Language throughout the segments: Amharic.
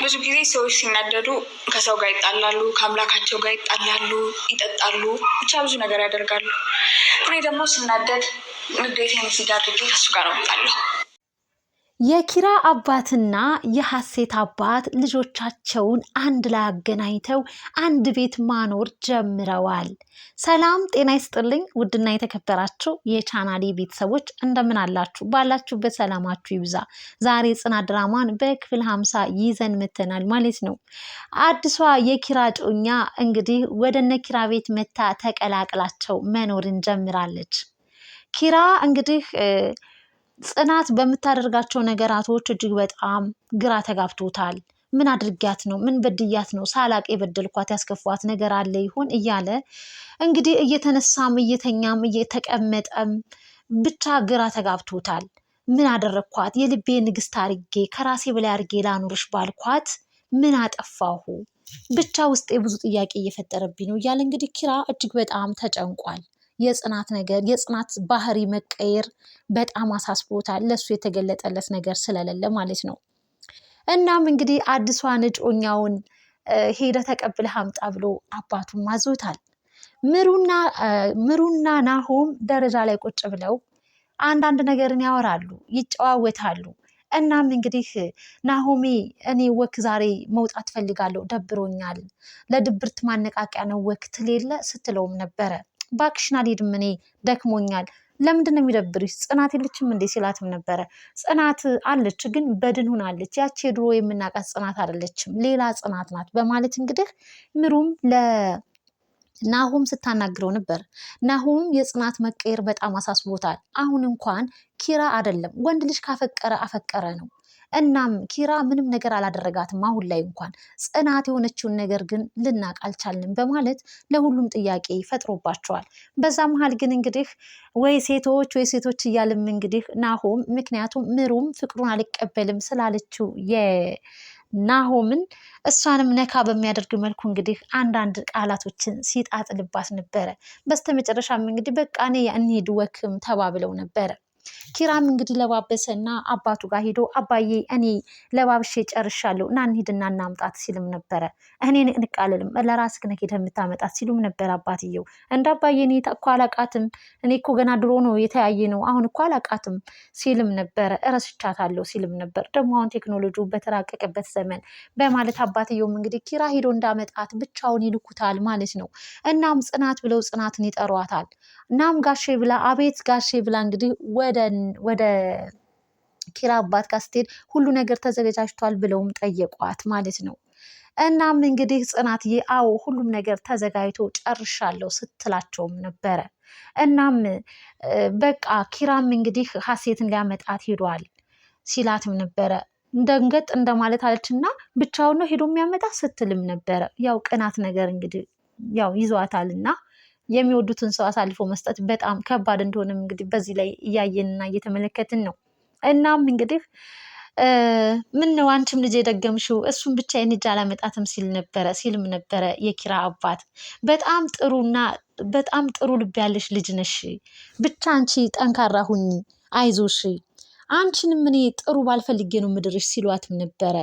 ብዙ ጊዜ ሰዎች ሲናደዱ ከሰው ጋር ይጣላሉ፣ ከአምላካቸው ጋር ይጣላሉ፣ ይጠጣሉ፣ ብቻ ብዙ ነገር ያደርጋሉ። እኔ ደግሞ ስናደድ ንዴቴን እዚህ ጋር አድርጌ ከሱ ጋር ነው የኪራ አባትና የሐሴት አባት ልጆቻቸውን አንድ ላይ አገናኝተው አንድ ቤት ማኖር ጀምረዋል። ሰላም ጤና ይስጥልኝ። ውድና የተከበራችሁ የቻናሌ ቤተሰቦች እንደምን አላችሁ? ባላችሁበት ሰላማችሁ ይብዛ። ዛሬ ጽናት ድራማን በክፍል ሀምሳ ይዘን መተናል ማለት ነው። አዲሷ የኪራ ጮኛ እንግዲህ ወደነ ኪራ ቤት መታ ተቀላቅላቸው መኖርን ጀምራለች። ኪራ እንግዲህ ጽናት በምታደርጋቸው ነገራቶች እጅግ በጣም ግራ ተጋብቶታል። ምን አድርጊያት ነው? ምን በድያት ነው? ሳላቅ የበደልኳት ያስከፏት ነገር አለ ይሆን እያለ እንግዲህ እየተነሳም እየተኛም እየተቀመጠም ብቻ ግራ ተጋብቶታል። ምን አደረግኳት? የልቤ ንግስት አርጌ ከራሴ በላይ አርጌ ላኑርሽ ባልኳት ምን አጠፋሁ? ብቻ ውስጤ ብዙ ጥያቄ እየፈጠረብኝ ነው እያለ እንግዲህ ኪራ እጅግ በጣም ተጨንቋል። የጽናት ነገር የጽናት ባህሪ መቀየር በጣም አሳስቦታል። ለሱ የተገለጠለት ነገር ስለሌለ ማለት ነው። እናም እንግዲህ አዲሷን እጮኛውን ሄደ ተቀብለህ አምጣ ብሎ አባቱም አዞታል። ምሩና ምሩና ናሆም ደረጃ ላይ ቁጭ ብለው አንዳንድ ነገርን ያወራሉ፣ ይጨዋወታሉ። እናም እንግዲህ ናሆሜ እኔ ወክ ዛሬ መውጣት ፈልጋለሁ፣ ደብሮኛል፣ ለድብርት ማነቃቂያ ነው ወክ ትሌለ ስትለውም ነበረ። ባክሽን አልሄድም እኔ ደክሞኛል። ለምንድን ነው የሚደብርሽ? ጽናት የለችም እንዴ ሲላትም ነበረ። ጽናት አለች ግን በድን ሆናለች። ያቺ የድሮ የምናውቃት ጽናት አይደለችም፣ ሌላ ጽናት ናት በማለት እንግዲህ ምሩም ለ ናሁም ስታናግረው ነበር። ናሁም የጽናት መቀየር በጣም አሳስቦታል። አሁን እንኳን ኪራ አይደለም ወንድ ልጅ ካፈቀረ አፈቀረ ነው። እናም ኪራ ምንም ነገር አላደረጋትም። አሁን ላይ እንኳን ጽናት የሆነችውን ነገር ግን ልናቅ አልቻልንም በማለት ለሁሉም ጥያቄ ፈጥሮባቸዋል። በዛ መሀል ግን እንግዲህ ወይ ሴቶች ወይ ሴቶች እያልም እንግዲህ ናሆም ምክንያቱም ምሩም ፍቅሩን አልቀበልም ስላለችው ናሆምን እሷንም ነካ በሚያደርግ መልኩ እንግዲህ አንዳንድ ቃላቶችን ሲጣጥልባት ነበረ። በስተመጨረሻም እንግዲህ በቃ እኔ እንሂድ ወክም ተባብለው ነበረ። ኪራም እንግዲህ ለባበሰ ለባበሰና አባቱ ጋር ሄዶ አባዬ እኔ ለባብሼ ጨርሻለሁ እና እንሂድና እናምጣት ሲልም ነበረ። እኔ ንቅንቅ አልልም ለራስህ ነህ ሄደህ የምታመጣት ሲሉም ነበር አባትየው። እንደ አባዬ እኔ እኮ አላቃትም እኔ እኮ ገና ድሮ ነው የተያየ ነው አሁን እኮ አላቃትም ሲልም ነበረ። እረስቻታለሁ ሲልም ነበር። ደግሞ አሁን ቴክኖሎጂው በተራቀቀበት ዘመን በማለት አባትየውም እንግዲህ ኪራ ሄዶ እንዳመጣት ብቻውን ይልኩታል ማለት ነው። እናም ጽናት ብለው ጽናትን ይጠሯታል። እናም ጋሼ ብላ አቤት ጋሼ ብላ እንግዲህ ወደ ኪራ አባት ጋር ስትሄድ ሁሉ ነገር ተዘጋጅቷል ብለውም ጠየቋት ማለት ነው። እናም እንግዲህ ጽናትዬ አዎ ሁሉም ነገር ተዘጋጅቶ ጨርሻለሁ ስትላቸውም ነበረ። እናም በቃ ኪራም እንግዲህ ሀሴትን ሊያመጣት ሄዷል ሲላትም ነበረ። እንደንገጥ እንደማለት አለችና ብቻውን ነው ሄዶ የሚያመጣ ስትልም ነበረ። ያው ቅናት ነገር እንግዲህ ያው ይዟታልና የሚወዱትን ሰው አሳልፎ መስጠት በጣም ከባድ እንደሆነም እንግዲህ በዚህ ላይ እያየንና እየተመለከትን ነው። እናም እንግዲህ ምን ነው አንቺም ልጅ የደገምሽው እሱን ብቻ ሂጅ አላመጣትም ሲል ነበረ ሲልም ነበረ የኪራ አባት። በጣም ጥሩና በጣም ጥሩ ልብ ያለሽ ልጅ ነሽ፣ ብቻ አንቺ ጠንካራ ሁኚ፣ አይዞሽ፣ አንቺንም እኔ ጥሩ ባልፈልጌ ነው ምድርሽ ሲሏትም ነበረ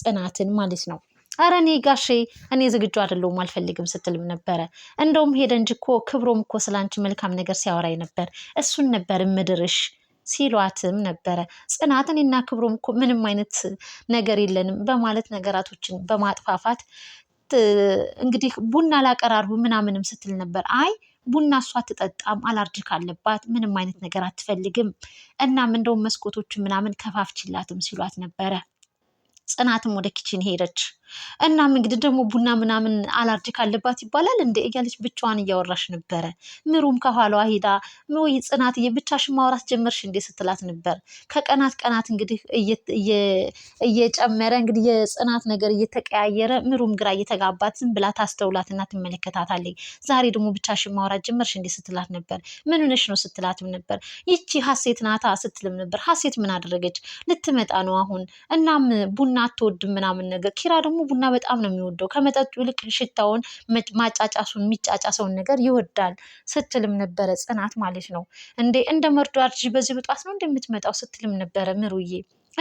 ጽናትን ማለት ነው። አረ እኔ ጋሼ እኔ ዝግጁ አይደለሁም አልፈልግም ስትልም ነበረ። እንደውም ሄደንጅ እኮ ክብሮም እኮ ስላንቺ መልካም ነገር ሲያወራኝ ነበር እሱን ነበር ምድርሽ ሲሏትም ነበረ። ጽናት እኔና ክብሮም እኮ ምንም አይነት ነገር የለንም በማለት ነገራቶችን በማጥፋፋት እንግዲህ ቡና ላቀራርቡ ምናምንም ስትል ነበር። አይ ቡና እሷ አትጠጣም፣ አላርጅ ካለባት ምንም አይነት ነገር አትፈልግም። እናም እንደውም መስኮቶችን ምናምን ከፋፍችላትም ሲሏት ነበረ። ጽናትም ወደ ኪችን ሄደች። እናም እንግዲህ ደግሞ ቡና ምናምን አላርጂ ካለባት ይባላል እንደ እያለች ብቻዋን እያወራሽ ነበረ። ምሩም ከኋላዋ ሂዳ ወይ ጽናትዬ ብቻሽን ማውራት ጀመርሽ እንዴ ስትላት ነበር። ከቀናት ቀናት እንግዲህ እየጨመረ እንግዲህ የጽናት ነገር እየተቀያየረ ምሩም ግራ እየተጋባት ዝም ብላ ታስተውላትና ትመለከታታለች። ዛሬ ደግሞ ብቻሽን ማውራት ጀመርሽ እንዴ ስትላት ነበር። ምን ሆነሽ ነው ስትላትም ነበር። ይቺ ሀሴት ናታ ስትልም ነበር። ሀሴት ምን አደረገች? ልትመጣ ነው አሁን። እናም ቡና አትወድም ምናምን ነገር ኪራ ደግሞ ደግሞ ቡና በጣም ነው የሚወደው ከመጠጡ ይልቅ ሽታውን ማጫጫሱን የሚጫጫሰውን ነገር ይወዳል ስትልም ነበረ ጽናት ማለት ነው። እንዴ እንደ መርዶ አርጅ በዚህ ብጧት ነው እንደምትመጣው ስትልም ነበረ ምሩዬ።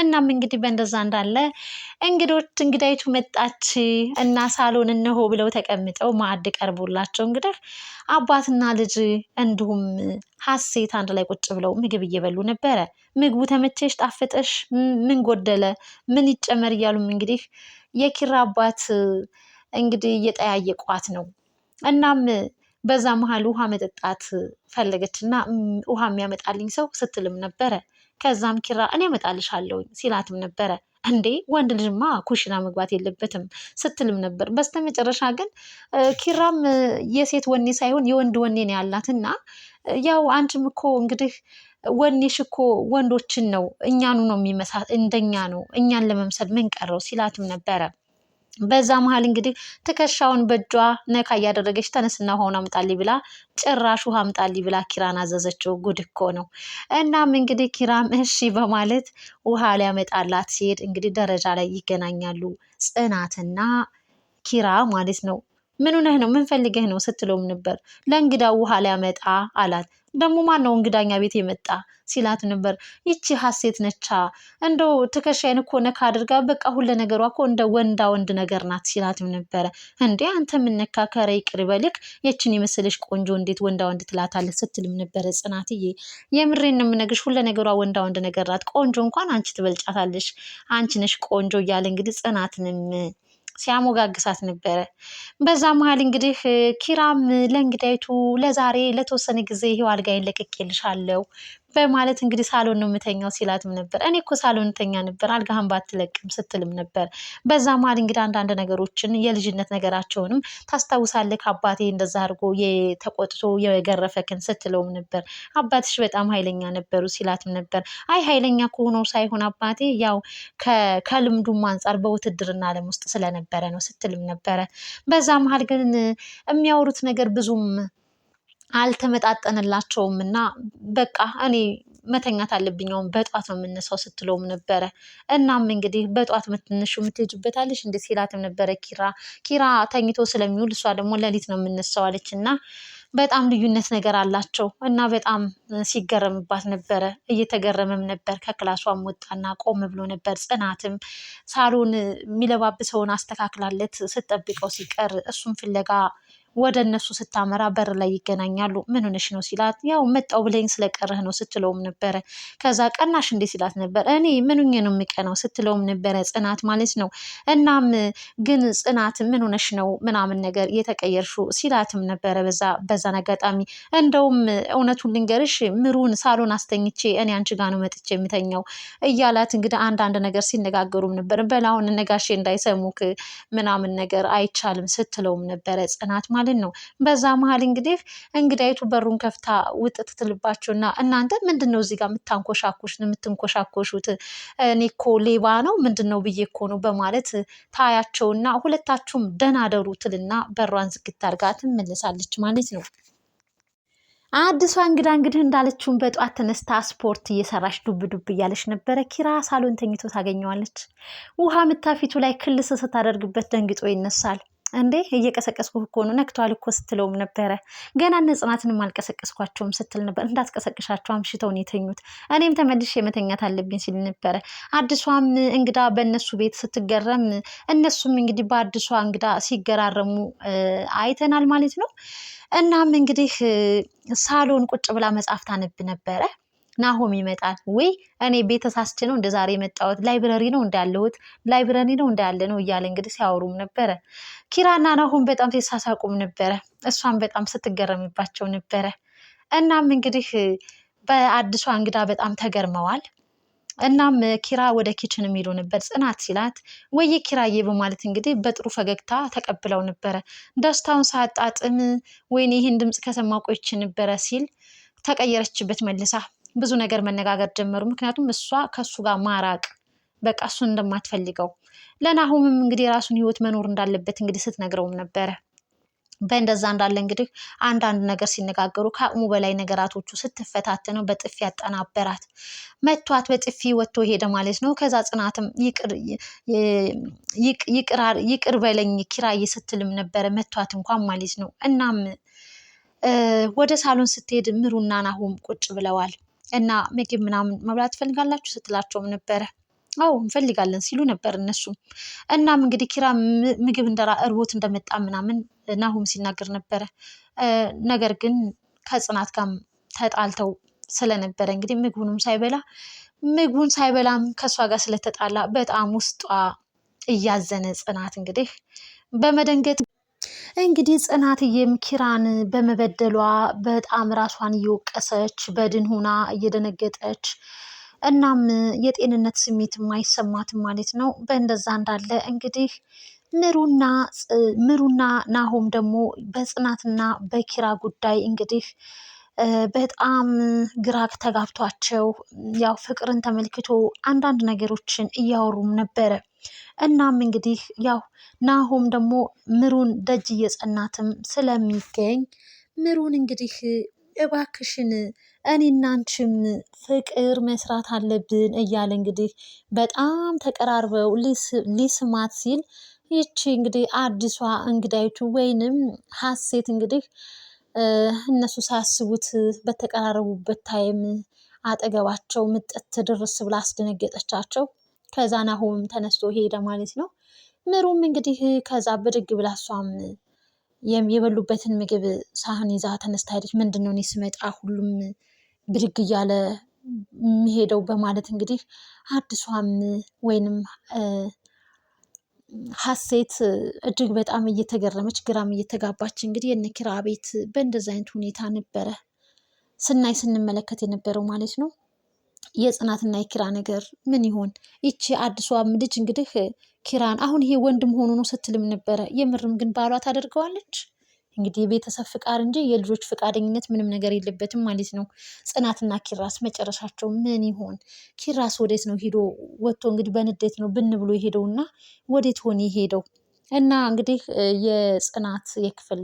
እናም እንግዲህ በእንደዛ እንዳለ እንግዶች እንግዳይቱ መጣች እና ሳሎን እነሆ ብለው ተቀምጠው ማዕድ ቀርቦላቸው እንግዲህ አባትና ልጅ እንዲሁም ሀሴት አንድ ላይ ቁጭ ብለው ምግብ እየበሉ ነበረ። ምግቡ ተመቼሽ? ጣፍጠሽ? ምን ጎደለ? ምን ይጨመር? እያሉም እንግዲህ የኪራ አባት እንግዲህ እየጠያየቋት ነው። እናም በዛ መሀል ውሃ መጠጣት ፈለገች እና ውሃ የሚያመጣልኝ ሰው ስትልም ነበረ። ከዛም ኪራ እኔ አመጣልሻለሁኝ ሲላትም ነበረ። እንዴ ወንድ ልጅማ ኩሽና መግባት የለበትም ስትልም ነበር። በስተመጨረሻ ግን ኪራም የሴት ወኔ ሳይሆን የወንድ ወኔ ነው ያላት እና ያው አንቺም እኮ እንግዲህ ወኔሽ እኮ ወንዶችን ነው እኛኑ ነው የሚመሳ እንደኛ ነው እኛን ለመምሰል ምን ቀረው ሲላትም ነበረ። በዛ መሀል እንግዲህ ትከሻውን በእጇ ነካ እያደረገች ተነስና ውሃውን አምጣልኝ ብላ ጭራሽ ውሃ አምጣልኝ ብላ ኪራን አዘዘችው። ጉድ እኮ ነው። እናም እንግዲህ ኪራም እሺ በማለት ውሃ ሊያመጣላት ሲሄድ እንግዲህ ደረጃ ላይ ይገናኛሉ ጽናትና ኪራ ማለት ነው። ምን ነህ ነው ምን ፈልገህ ነው ስትለውም ነበር። ለእንግዳ ውሃ ሊያመጣ አላት። ደግሞ ማን ነው እንግዳኛ ቤት የመጣ ሲላት ነበር። ይቺ ሀሴት ነቻ እንደው ትከሻይን እኮ ነካ አድርጋ በቃ ሁለ ነገሯ እኮ እንደ ወንዳ ወንድ ነገር ናት ሲላትም ነበረ። እንዴ አንተ ምነካ ከረ ይቅር በልክ የችን የመሰለሽ ቆንጆ እንዴት ወንዳ ወንድ ትላታለህ? ስትልም ነበረ ጽናትዬ። የምሬን የምነግርሽ ሁለ ነገሯ ወንዳ ወንድ ነገር ናት። ቆንጆ እንኳን አንቺ ትበልጫታለሽ። አንቺ ነሽ ቆንጆ እያለ እንግዲህ ጽናትንም ሲያሞጋግሳት ነበረ። በዛ መሀል እንግዲህ ኪራም ለእንግዳይቱ ለዛሬ ለተወሰነ ጊዜ ይሄው አልጋዬን ለቅቄልሻለሁ በማለት እንግዲህ ሳሎን ነው የምተኛው ሲላትም ነበር። እኔ እኮ ሳሎን ተኛ ነበር አልጋህን ባትለቅም ስትልም ነበር። በዛ መሀል እንግዲህ አንዳንድ ነገሮችን የልጅነት ነገራቸውንም ታስታውሳለህ፣ አባቴ እንደዛ አድርጎ የተቆጥቶ የገረፈክን ስትለውም ነበር። አባትሽ በጣም ኃይለኛ ነበሩ ሲላትም ነበር። አይ ኃይለኛ ከሆነው ሳይሆን አባቴ ያው ከልምዱም አንጻር በውትድርና ዓለም ውስጥ ስለነበረ ነው ስትልም ነበረ። በዛ መሀል ግን የሚያወሩት ነገር ብዙም አልተመጣጠንላቸውም እና በቃ እኔ መተኛት አለብኛውም አሁን በጧት ነው የምነሳው ስትለውም ነበረ። እናም እንግዲህ በጧት የምትነሺው የምትሄጂበታለሽ እንደ ሲላትም ነበረ ኪራ ኪራ ተኝቶ ስለሚውል እሷ ደግሞ ሌሊት ነው የምነሳው አለች እና በጣም ልዩነት ነገር አላቸው እና በጣም ሲገረምባት ነበረ። እየተገረመም ነበር። ከክላሷም ወጣና ቆም ብሎ ነበር። ጽናትም ሳሎን የሚለባብሰውን አስተካክላለት ስትጠብቀው ሲቀር እሱም ፍለጋ ወደ እነሱ ስታመራ በር ላይ ይገናኛሉ። ምን ሆነሽ ነው ሲላት ያው መጣው ብለኝ ስለቀረህ ነው ስትለውም ነበረ። ከዛ ቀናሽ እንዴ ሲላት ነበር። እኔ ምኑኝ ነው የምቀናው ስትለውም ነበረ ጽናት ማለት ነው። እናም ግን ጽናት ምን ሆነሽ ነው ምናምን ነገር የተቀየርሽው ሲላትም ነበረ። በዛ በዛን አጋጣሚ እንደውም እውነቱን ልንገርሽ ምሩን ሳሎን አስተኝቼ እኔ አንቺ ጋ ነው መጥቼ የምተኛው እያላት እንግዲህ አንዳንድ ነገር ሲነጋገሩም ነበር። በላሁን ነጋሼ እንዳይሰሙክ ምናምን ነገር አይቻልም ስትለውም ነበረ ጽናት ማለት ማለት ነው። በዛ መሀል እንግዲህ እንግዳይቱ በሩን ከፍታ ውጥት ትልባቸውና እናንተ ምንድን ነው እዚህ ጋር የምታንኮሻኮሽን የምትንኮሻኮሹት? እኔ እኮ ሌባ ነው ምንድን ነው ብዬ እኮ ነው በማለት ታያቸውና ሁለታችሁም ደናደሩ ትልና በሯን ዝግት አድርጋ ትመለሳለች ማለት ነው። አዲሷ እንግዳ እንግዲህ እንዳለችውን በጠዋት ተነስታ ስፖርት እየሰራች ዱብ ዱብ እያለች ነበረ። ኪራ ሳሎን ተኝቶ ታገኘዋለች። ውሃ ምታ ፊቱ ላይ ክልስ ስታደርግበት ደንግጦ ይነሳል። እንዴ እየቀሰቀስኩ እኮ ነው ነክተዋል እኮ ስትለውም ነበረ። ገና እነ ጽናትንም አልቀሰቀስኳቸውም ስትል ነበር። እንዳትቀሰቅሻቸው አምሽተውን የተኙት፣ እኔም ተመልሼ መተኛት አለብኝ ሲል ነበረ። አዲሷም እንግዳ በእነሱ ቤት ስትገረም፣ እነሱም እንግዲህ በአዲሷ እንግዳ ሲገራረሙ አይተናል ማለት ነው። እናም እንግዲህ ሳሎን ቁጭ ብላ መጽሐፍ ታነብ ነበረ። ናሆም ይመጣል። ውይ እኔ ቤት ነው እንደ ዛሬ የመጣሁት ላይብረሪ ነው እንዳለሁት ላይብረሪ ነው እንዳለ ነው እያለ እንግዲህ ሲያወሩም ነበረ። ኪራና ናሆም በጣም ሲሳሳቁም ነበረ። እሷም በጣም ስትገረምባቸው ነበረ። እናም እንግዲህ በአዲሷ እንግዳ በጣም ተገርመዋል። እናም ኪራ ወደ ኪችን የሚሄዱ ነበር። ጽናት ሲላት ወየ ኪራዬ በማለት እንግዲህ በጥሩ ፈገግታ ተቀብለው ነበረ። ደስታውን ሳጣጥም ወይኔ ይህን ድምፅ ከሰማ ቆይቼ ነበረ ሲል ተቀየረችበት መልሳ ብዙ ነገር መነጋገር ጀመሩ። ምክንያቱም እሷ ከእሱ ጋር ማራቅ በቃ እሱን እንደማትፈልገው ለናሁምም እንግዲህ የራሱን ህይወት መኖር እንዳለበት እንግዲህ ስትነግረውም ነበረ። በእንደዛ እንዳለ እንግዲህ አንዳንድ ነገር ሲነጋገሩ ከአቅሙ በላይ ነገራቶቹ ስትፈታተነው በጥፊ ያጠናበራት መቷት፣ በጥፊ ወጥቶ ሄደ ማለት ነው። ከዛ ጽናትም ይቅር በለኝ ኪራዬ ስትልም ነበረ መቷት እንኳን ማለት ነው። እናም ወደ ሳሎን ስትሄድ ምሩና ናሁም ቁጭ ብለዋል። እና ምግብ ምናምን መብላት ትፈልጋላችሁ ስትላቸውም ነበረ። አዎ እንፈልጋለን ሲሉ ነበር እነሱም። እናም እንግዲህ ኪራ ምግብ እንደራ እርቦት እንደመጣ ምናምን ናሁም ሲናገር ነበረ። ነገር ግን ከጽናት ጋርም ተጣልተው ስለነበረ እንግዲህ ምግቡንም ሳይበላ ምግቡን ሳይበላም ከእሷ ጋር ስለተጣላ በጣም ውስጧ እያዘነ ጽናት እንግዲህ በመደንገጥ እንግዲህ ጽናትዬም ኪራን በመበደሏ በጣም ራሷን እየወቀሰች በድን ሆና እየደነገጠች እናም የጤንነት ስሜትም አይሰማትም ማለት ነው። በእንደዛ እንዳለ እንግዲህ ምሩና ምሩና ናሆም ደግሞ በጽናትና በኪራ ጉዳይ እንግዲህ በጣም ግራ ተጋብቷቸው ያው ፍቅርን ተመልክቶ አንዳንድ ነገሮችን እያወሩም ነበረ። እናም እንግዲህ ያው ናሆም ደግሞ ምሩን ደጅ እየጸናትም ስለሚገኝ ምሩን እንግዲህ እባክሽን እኔ እናንችም ፍቅር መስራት አለብን እያለ እንግዲህ በጣም ተቀራርበው ሊስማት ሲል ይቺ እንግዲህ አዲሷ እንግዳይቱ ወይንም ሀሴት እንግዲህ እነሱ ሳያስቡት በተቀራረቡበት ታይም አጠገባቸው ምጥት ድርስ ብላ አስደነገጠቻቸው። ከዛ ናሆም ተነስቶ ሄደ ማለት ነው። ምሩም እንግዲህ ከዛ ብድግ ብላ እሷም የበሉበትን ምግብ ሳህን ይዛ ተነስታ ሄደች። ምንድን ነው እኔ ስመጣ ሁሉም ብድግ እያለ የሚሄደው በማለት እንግዲህ አዲሷም ወይንም ሀሴት እጅግ በጣም እየተገረመች ግራም እየተጋባች እንግዲህ የእነ ኪራ ቤት በእንደዚህ አይነት ሁኔታ ነበረ ስናይ ስንመለከት የነበረው ማለት ነው። የጽናትና የኪራ ነገር ምን ይሆን? ይቺ አዲሷም ልጅ እንግዲህ ኪራን አሁን ይሄ ወንድም መሆኑ ነው ስትልም ነበረ። የምርም ግን ባሏ ታደርገዋለች። እንግዲህ የቤተሰብ ፍቃድ እንጂ የልጆች ፍቃደኝነት ምንም ነገር የለበትም ማለት ነው። ጽናትና ኪራስ መጨረሻቸው ምን ይሆን? ኪራስ ወዴት ነው ሄዶ ወጥቶ እንግዲህ በንዴት ነው ብን ብሎ እና ወዴት ሆን የሄደው? እና እንግዲህ የጽናት የክፍል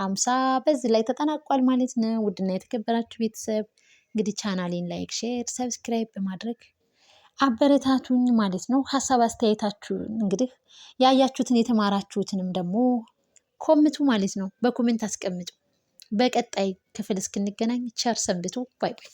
ሀምሳ በዚህ ላይ ተጠናቋል ማለት ነው። ውድና የተከበራችሁ ቤተሰብ እንግዲህ ቻናሌን ላይክ፣ ሼር፣ ሰብስክራይብ በማድረግ አበረታቱኝ ማለት ነው። ሀሳብ አስተያየታችሁን እንግዲህ ያያችሁትን የተማራችሁትንም ደግሞ ኮምቱ ማለት ነው። በኮሜንት አስቀምጡ። በቀጣይ ክፍል እስክንገናኝ ቸር ሰንብቱ። ባይ ባይ።